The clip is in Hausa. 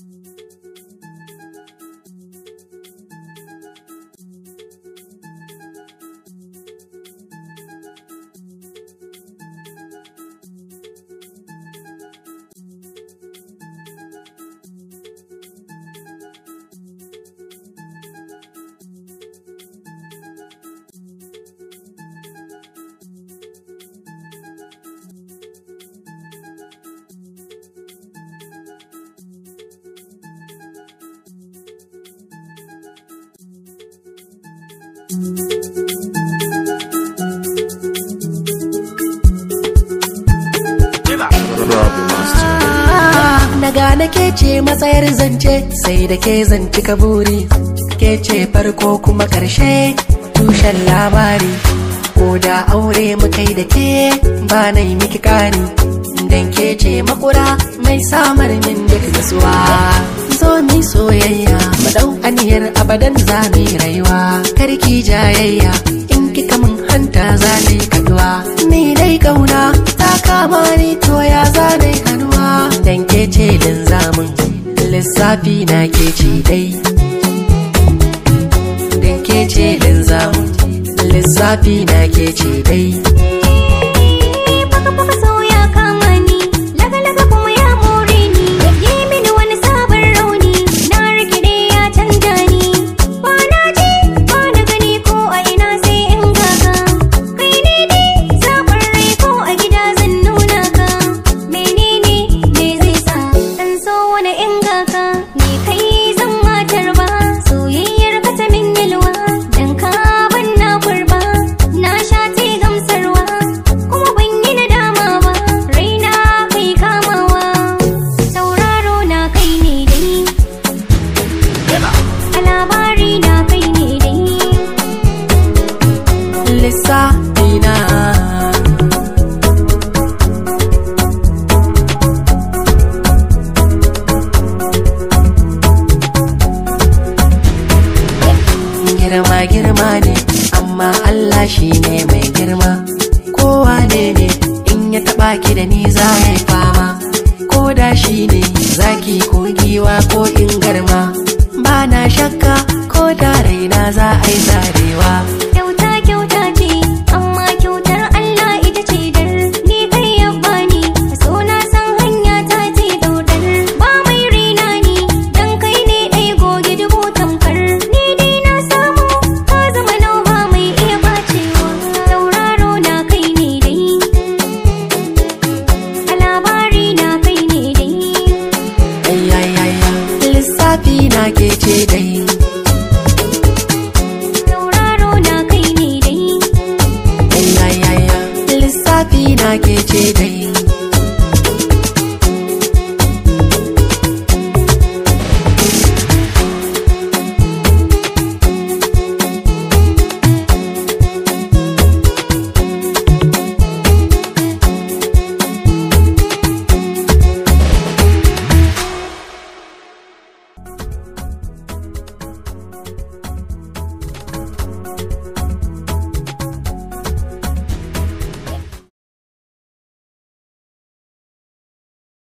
Thank you. Naga na ke ce matsayar zance sai da ke zanci kaburi ke ce farko kuma karshe tushen labari ko da aure mukai da ke ba na yi miki kani dan ke ce makura mai samar min duk nasuwa zo mi soyayya madau aniyar abadan za rayuwa karki jayayya in kika mun hanta za ni kaduwa ni dai kauna ta kama ni to ya za ni kaduwa dan ke ce din zamun lissafi na ke ci dai dan ke din lissafi na ke dai na inga gaka, ni kai zan matar ba soyayyar ka ta min yalwa dan ka ban na kurba na sha ce gamsarwa kuma ban yi nadama ba raina kai kamawa sauraro na kai ne dai a labari na kai ne dai girma girma ne amma Allah shi ne mai girma kowa ne ne in ya taba ki da ni za ya fama ko da shi ne zaki ko giwa ko in garma ba na shakka ko da raina za a yi zarewa na ke ce dai sauraro na kai ne dai yaya lissafi na ke ce dai